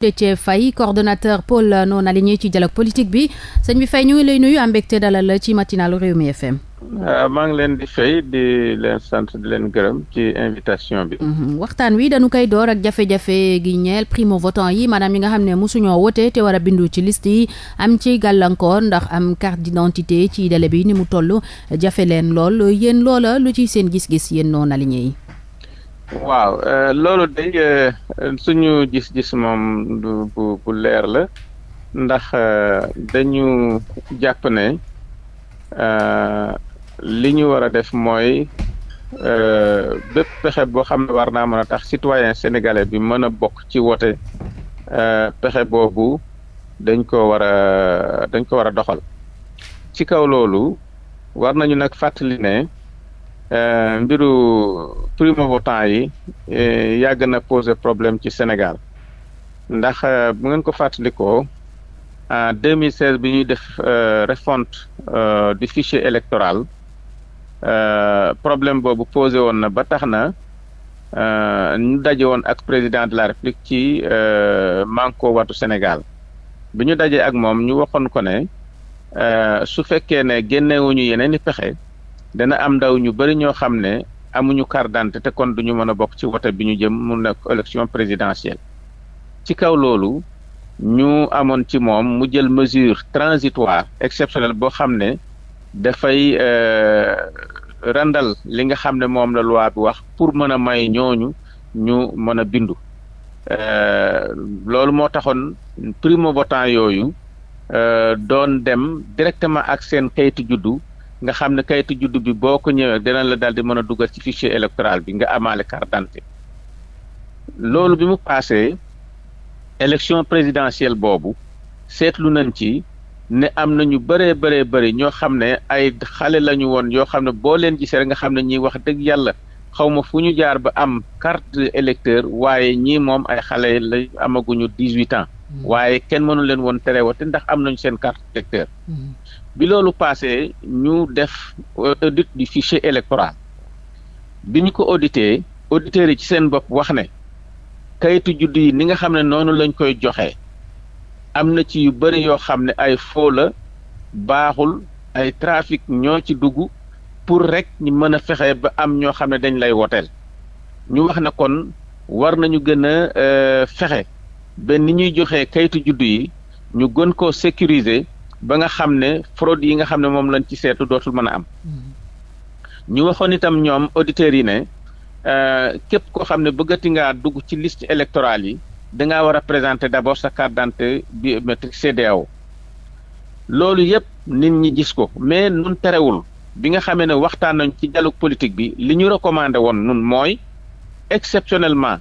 Déthié Faye coordonnateur pôle non aligné ci dialogue politique bi sëñ bi Faye ñu ngi lay nuyu am mbégte dalal ci matinalu Rewmi FM. Euh, maa ngi leen di fay di leen sant di leen gërëm ci invitation bi. Mhm. waxtaan wi dañu koy door ak jafe-jafe gi ñeel primo votant yi maanaam ñi nga xam ne mosuñoo wote te war a bindu ci list yi am ci gàllankoor ndax am carte d'identité ci délai bi nimu mu toll jafe leen lool yéen loola lu ci seen gis-gis yéen non aligné yi. waaw euh, loolu day euh, suñu gis-gis moom bu bu leer la ndax euh, dañu jàpp ne li ñu war a def mooy bépp pexe boo xam ne war naa mën a tax citoyen sénégalais bi mën a bokk ci wote pexe boobu dañ ko war a dañ ko war a doxal ci kaw loolu war nañu nag fàttali ne Euh, mbiru primo votant yi eh, yàgg na pose problème ci Sénégal ndax euh, bu ngeen ko fàttalikoo en 2016 bi ñuy def euh, refonte du fichier électoral problème boobu posé woon na ba tax na ñu daje woon ak président de la république ci manko watu Sénégal bi ñu dajee ak moom ñu waxoon ko ne su fekkee ne ñu yeneen i pexe. dana am ndaw ñu bëri ñoo xam ne amuñu carte d'identité te kon duñu mën a bokk ci wote bi ñu jëm mu nekk élection présidentielle ci kaw loolu ñu amoon ci moom mu jël mesure transitoire exceptionnelle boo xam ne dafay euh, randal li nga xam ne moom la loi bi wax pour mën a may ñooñu ñu mën a bindu euh, loolu moo taxoon primo votant yooyu euh, doon dem directement ak seen kayitu juddu nga xam ne kayitu juddu bi boo ko ñëwee dinañ la daal di mën a dugal ci fichier électoral bi nga amaale carte loolu bi mu passé élection présidentielle boobu seetlu nañ ci ne am na ñu bëree bëree bëri ñoo xam ne ay xale lañu woon yoo xam ne boo leen ji rek nga xam ne ñiy wax dëgg yàlla xaw ma fu ñu jaar ba am carte électeur waaye ñii moom ay xale la amaguñu dix huit ans. Hmm. waaye kenn mënu leen woon terewate ndax am nañu seen carte électeur. Hmm. bi loolu passé ñu def audit du fichier électoral bi ñu ko audité auditeurs yi ci seen bopp wax ne kayitu judd yi ni nga xam ne noonu lañu koy joxe am na ci yu bëri yoo xam ne ay faux la baaxul ay trafic ñoo ci dugg pour rek ñu mën a fexe ba am ñoo xam ne dañ lay woteel ñu wax na kon war nañu gën a euh, fexe ba ni ñuy joxe kayitu judd yi ñu gën ko sécuriser. ba nga xam ne fraude yi nga xam ne moom lañ ci seetu dootul mën a am ñu waxoon itam ñoom auditeurs yi ne euh, képp koo xam ne bëggati ngaa dugg ci liste électorale yi dangaa war a présenter d'abord sa carte d'identité biométrique CEDEAO loolu yëpp nit ñi gis ko mais nun terewul bi nga xamee ne waxtaan nañ ci dialogue politique bi li ñu recommandé woon nun mooy exceptionnellement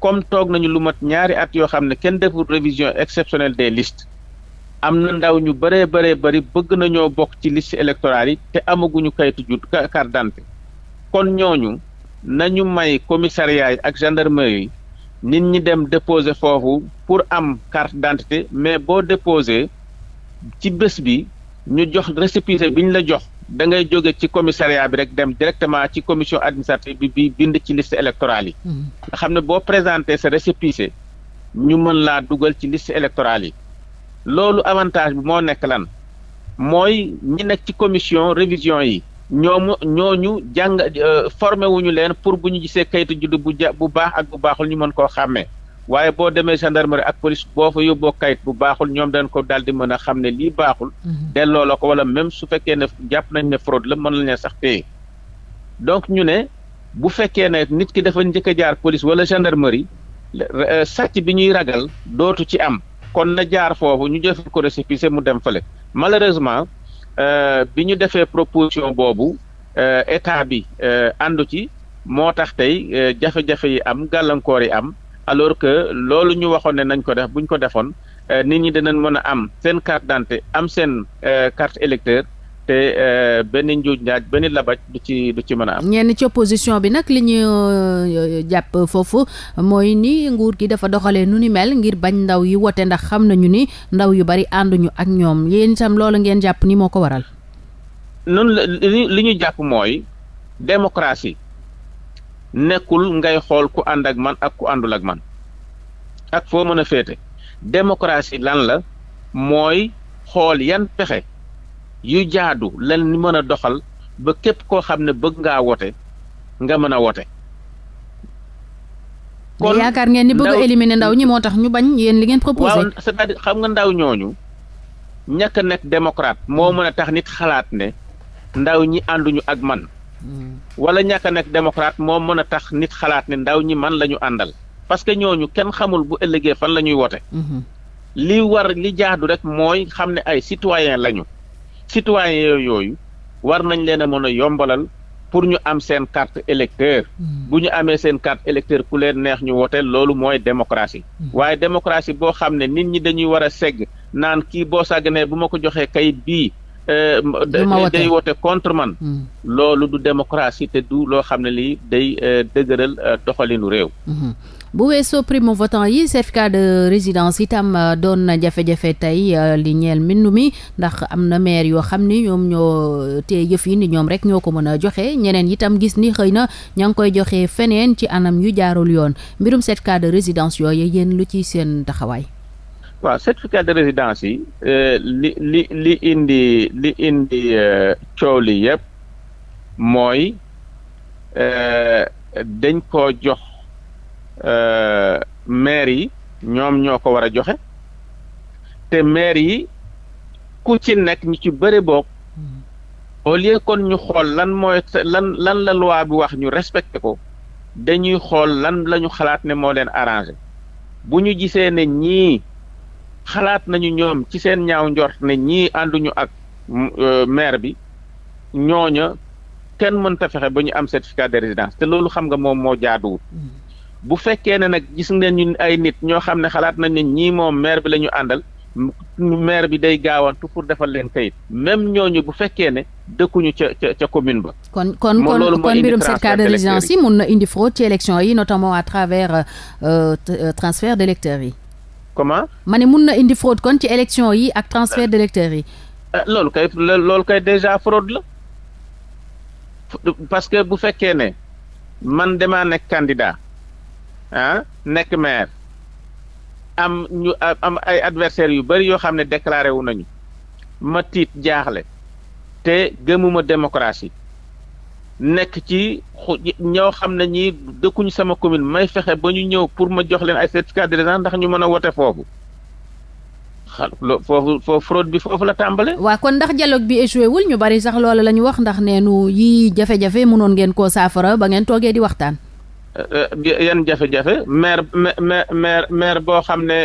comme toog nañu lu mat ñaari at yoo xam ne kenn deful révision exceptionnelle des listes am na ndaw ñu bëree bëree bëri bëgg nañoo bokk ci liste électorale yi te amaguñu kayitu ju carte d'identité kon ñooñu nañu may commissariat yi ak gendarmerie yi nit ñi dem déposer foofu pour am carte d'identité mais boo déposer ci bés bi ñu jox récépissé bi ñu la jox da ngay jóge ci commissariat bi rek dem directement ci commission administrative bi bi bind ci liste électorale yi hmm. nga xam ne boo présenté sa récépissé ñu mën laa dugal ci liste électorale yi loolu avantage bi moo nekk lan mooy ñi nekk ci commission révision yi ñoomu ñooñu jàng euh, formé wuñu leen pour bu ñu gisee kayitu juddu bu ja bu baax ak bu baaxul ñu mën koo xàmmee waaye boo demee gendarmerie ak police boo fa yóbboo kayit bu baaxul ñoom dañ ko daal di mën a xam ne lii baaxul mhm. delloo la ko wala même su fekkee ne jàpp nañ ne fraude la mën nañ sax téye donc ñu ne bu fekkee ne nit ki dafa njëkk a jaar police wala gendarmerie euh, sàcc bi ñuy ragal dootu ci am kon na jaar foofu ñu jëfee ko récépissé mu dem fële malheureusement euh, bi ñu defee proposion boobu euh, état bi euh, àndu ci moo tax tey jafe-jafe yi am gàllankoor yi am alors que loolu ñu waxoon ne nañ ko def bu ñu ko defoon nit ñi dinañ mën a am seen carte d'identité am seen carte électeur te euh, benn njuuj njaaj benn labaj du ci du ci mën a am. ñenn ci opposition bi nag li ñu euh, euh, jàpp foofu mooy ni nguur gi dafa doxalee nu ni mel ngir bañ ndaw yi wote ndax xam nañu ni ndaw yu bari ànduñu ak ñoom yéen itam loolu ngeen jàpp ni moo ko waral. noonu li ñu jàpp mooy démocratie nekkul ngay xool ku ànd ak man ak ku àndul ak man ak foo mën a féete démocratie lan la mooy xool yan pexe. yu jaadu lan ni mën a doxal ba képp koo xam ne bëgg ngaa wote nga mën a wote kon yaakaar ngeen ni bëgg a éliminer ndaw ñi moo tax ñu bañ yéen li ngeen proposé waaw cest à xam nga ndaw ñooñu ñàkk nekk démocrate moo mën a tax nit xalaat ne ndaw ñi ànduñu ak man hmm. wala ñàkk nekk démocrate moo mën a tax nit xalaat ne ndaw ñi man la ñu àndal parce que ñooñu kenn xamul bu ëllëgee fan la ñuy wote hmm. li war li jaadu rek mooy xam ne ay citoyen lañu citoyen yooyu war nañ leen a mën a yombalal pour ñu am seen carte électeur hmm. bu ñu amee seen carte électeur ku leen neex ñu woteel loolu mooy démocratie hmm. waaye démocratie boo xam ne nit ñi dañuy war a segg naan kii boo sàgganee bu ma ko joxee kayit bii euh, day wote contre man hmm. loolu du démocratie te du loo xam ne lii day euh, dëgëral euh, doxaliinu réew bu weesoo primo votant yi certificat de résidence itam euh, doon na jafe-jafe tey euh, li ñeel mbindu mi ndax am na maire yoo xam ni ñoom ñoo euh, te yëf yi ni ñoom rek ñoo ko mën a joxe ñeneen tam gis ni xëy na ña ngi koy joxe feneen ci anam yu jaarul yoon mbirum certificat de résidence yooyu yéen lu ci seen taxawaay. waaw certificat de résidence yi li li indi li indi coow li yëpp mooy dañ ko jox. Euh, maire yi ñoom ñoo ko war a joxe te maire yi ku ci nekk ñu ci bëri bokk mm-hmm. au lieu kon ñu xool lan mooy lan lan la loi bi wax ñu respecté ko dañuy xool lan la ñu xalaat ne moo leen arrangé bu ñu gisee ne ñii xalaat nañu ñoom ci seen ñaaw njor ne ñii ànduñu ak euh, maire bi ñooña kenn mënta fexe ba ñu am certificat de résidence te loolu xam nga moom moo jaaduwul. Mm-hmm. bu fekkee ne nag gis ngeen ñun ay nit ñoo xam ne xalaat nañ ne ñii moom maire bi la ñu àndal mair bi day gaawantu pour defal leen kayit même ñooñu bu fekkee ne dëkkuñu ca ca commune ba. kon kon moo kon mbirum certificat de résidence yi mun na indi fraude ci élection yi notamment à travers euh, euh, transfert d'électeurs yi. comment. ma ne mun na indi fraude kon ci élection yi ak transfert euh, d'électeurs yi. loolu kay loolu kay déjà fraude la parce que bu fekkee ne man damaa nekk candidat. ah nekk maire am ñu am ay adversaires yu bëri yoo xam ne déclaré wu nañu ma tiit jaaxle te gëmuma démocratie nekk ci ñoo xam ne ñi dëkkuñu sama commune may fexe ba ñu ñëw pour ma jox leen ay certificat ndax ñu mën a wote foofu xa foofu foofu fraude bi foofu la tàmbale. waa kon ndax dialogue bi échoué wul ñu bari sax loola la ñu wax ndax nee nu yii jafe-jafe mënoon ngeen koo saafara ba ngeen toogee di waxtaan. Euh, euh, yan jafe-jafe maire maire maire boo xam ne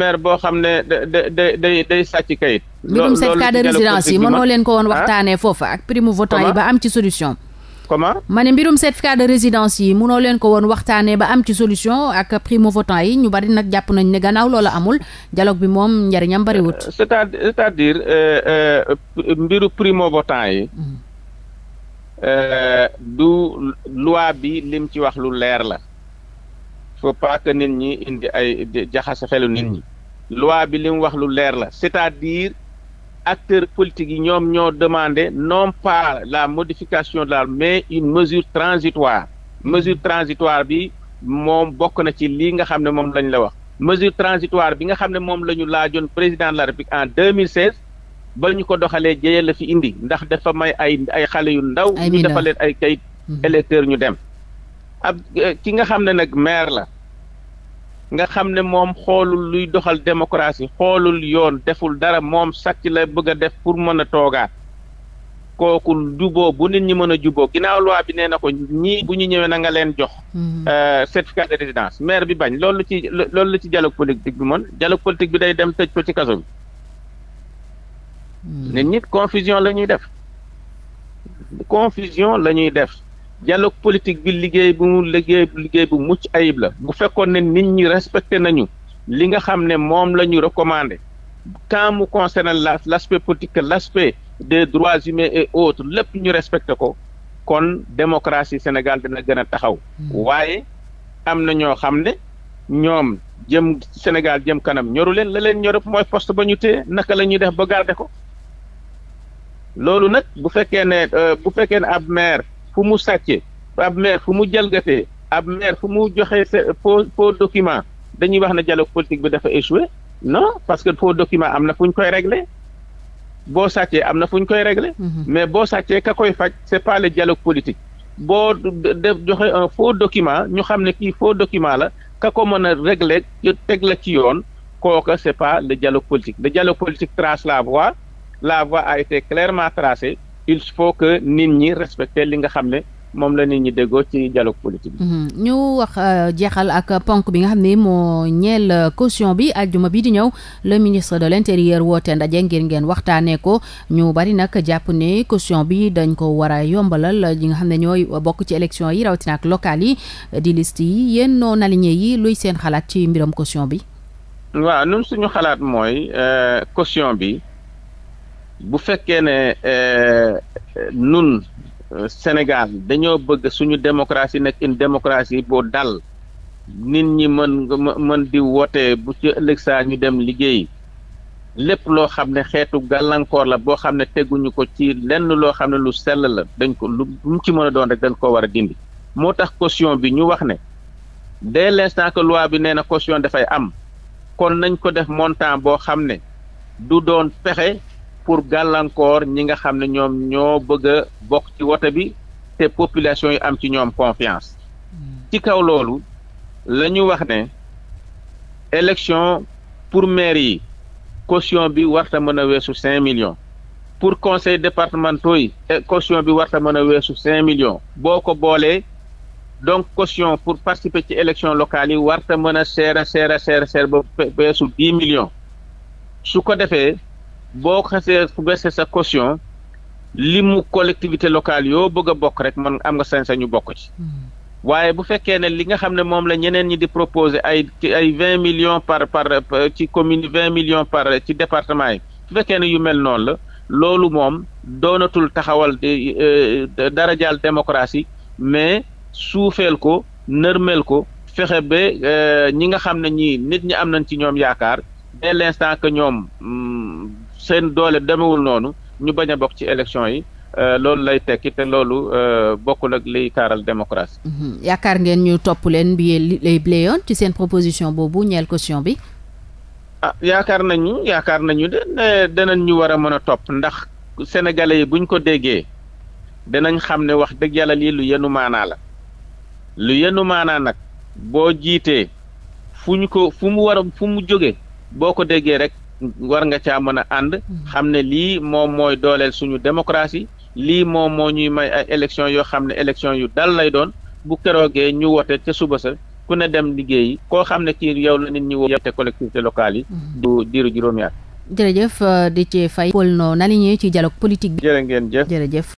maire boo xam ne da da day day sàcc kayit. loolu certificat de résidence yi mënoo leen ko woon ah? waxtaanee foofa ak primu votant ba am ci solution. comment ma ne mbirum certificat de résidence yi munoo leen ko woon waxtaanee ba am ci solution ak primo votant yi ñu bari nag jàpp nañ ne gannaaw loola amul dialogue bi moom njariñam bariwut. Euh, c'est-à-dire mbiru primo votant yi. Mm. du loi bi lim ci wax lu leer la il faut pas nit ñi indi ay jaxase nit ñi loi bi lim wax lu leer la c'est-à-dire acteur politiques yi ñoom ñoo demande non pas la modification de mais une mesure transitoire mesure transitoire bi moom bokk na ci lii nga xam ne moom lañ la wax mesure transitoire bi nga xam ne moom la ñu laajoon président de la république en 2016 ba ñu ko doxalee jëye la fi indi ndax dafa may ay ay xale yu ndaw. ñu dafa leen ay kayit mhm. électeur ñu dem. ab eh, ki nga xam ne nag maire la nga xam ne moom xoolul luy doxal démocratie xoolul yoon deful dara moom sàcc la bëgg a def pour mën a toogaat. kooku juboo bu nit ñi mën a juboo ginnaaw loi bi na ko ñii bu ñu ñëwee nanga leen jox. Mhm. Eh, certificat de résidence maire bi bañ loolu ci loolu ci dialogue politique bi moom dialogue politique bi day dem tëj ko ci kaso bi. nit ñi confusion la ñuy def confusion la ñuy def dialogue politique bi liggéey bu mu liggéey liggéey bu mucc ayib la bu fekkoon ne nit ñi respecté nañu li nga xam ne moom la ñu recommandé quand mu concerne la l' aspect politique l' aspect droits humains et autres lépp ñu respecté ko kon démocratie Sénégal dina gën a taxaw hmm. waaye am na ñoo xam ne ñoom jëm Sénégal jëm kanam ñoru leen la leen ñorop mooy poste ba ñu téye naka la ñuy def ba garder ko loolu nag bu fekkee ne euh, bu fekkee ne ab maire fu mu sàcce ab maire fu mu jalgatee ab maire fu mu joxe faux faux document dañuy wax ne dialogue politique bi dafa échoué non parce que foo document am na fu ñu koy régler boo sàccee am na fu ñu koy régler mhm. mais boo sàccee ka koy faj c'est pas le dialogue politique boo def joxe un faux document ñu xam ne kii faux document la ka ko mën a régler teg la ci yoon kooka c'est pas le dialogue politique le dialogue politique trace la la voie a été clairement tracée il faut que nit ñi respecter li nga xam ne moom la nit ñi déggoo ci dialogue politique bi. Mhm. ñu wax euh, jeexal ak ponk bi nga xam ne moo ñeel euh, caution bi àjjuma bi di ñëw le ministre de l' intérieur woote ndaje ngir ngeen waxtaanee ko ñu bari nag jàpp ne caution bi dañ ko war a yombalal ñi nga xam ne ñooy bokk ci élection yi rawatina ak locales yi di liste yi yéen non aligné yi luy seen xalaat ci mbiram caution bi. waaw ñun suñu xalaat mooy euh, caution bi. bu fekkee ne euh, nun euh, Sénégal dañoo bëgg suñu démocratie nekk une démocratie boo dal nit ñi mën mën di woote bu ci ëllëg saa ñu dem liggéey lépp loo xam ne xeetu gàllankoor la boo xam ne teguñu ko ci lenn loo xam ne lu sell la dañ ko lu mu ci mën a doon rek dañ ko war a dindi moo tax caution bi ñu wax ne dès l'instant que loi bi nee na caution dafay am kon nañ ko def montant boo xam ne du doon pexe pour gàllankoor ñi nga xam ne ñoom ñoo bëgg a bokk ci wote bi te population yi am ci ñoom confiance hmm. ci kaw loolu la ñu wax ne élection pour maire yi caution bi warta mën a weesu cinq millions pour conseil départementaux yi eh, caution bi warta mën a weesu cinq millions boo ko boolee donc caution pour participer ci élection locale yi warta mën a seer a seer ba weesu dix millions su ko defee boo xasee fu gasee sa caution li collectivité locale yoo bëgg bokk rek man am nga sañ-sañu bokk ci. Hmm. waaye bu fekkee ne li nga xam ne moom la ñeneen ñi di proposer ay ay vingt millions par par ci commune vingt millions par ci département yi bu fekkee ne yu mel noonu la loolu moom doonatul taxawal euh, dara jaal démocratie mais suufeel ko nërmeel ko fexe ba euh, ñi nga xam ne ñi nit ñi am nañ ci ñoom yaakaar dès l'instant que ñoom hmm, seen doole demewul noonu ñu bañ a bokk ci élection yi euh, loolu lay tekki te loolu euh, bokkul ak liy taaral démocratie. Mhm. yaakaar ngeen ñu topp leen bi lay blé yoon ci seen proposition boobu ñeel caution bi. ah yaakaar nañu yaakaar nañu de ne ñu war a mën a topp ndax sénégalais yi buñ ko déggee danañ xam ne wax dëgg yàlla lii lu yenu maanaa la lu yenu maanaa nag boo jiitee fu ñu ko fu mu war a fu mu jóge boo ko déggee rek war nga caa mën a ànd hmm. xam ne lii moom mooy dooleel suñu démocratie lii moom moo ñuy may ay élection yoo xam ne élection yu dal lay doon bu keroogee ñu wote ca suba sa ku ne dem liggéeyi koo xam ne kii yow na nit ñu wote collectivité locale yi hmm. du diiru juróomi at jërëjëf Déthié Faye Paul non aligné ci dialogue politique bi ngeen jëf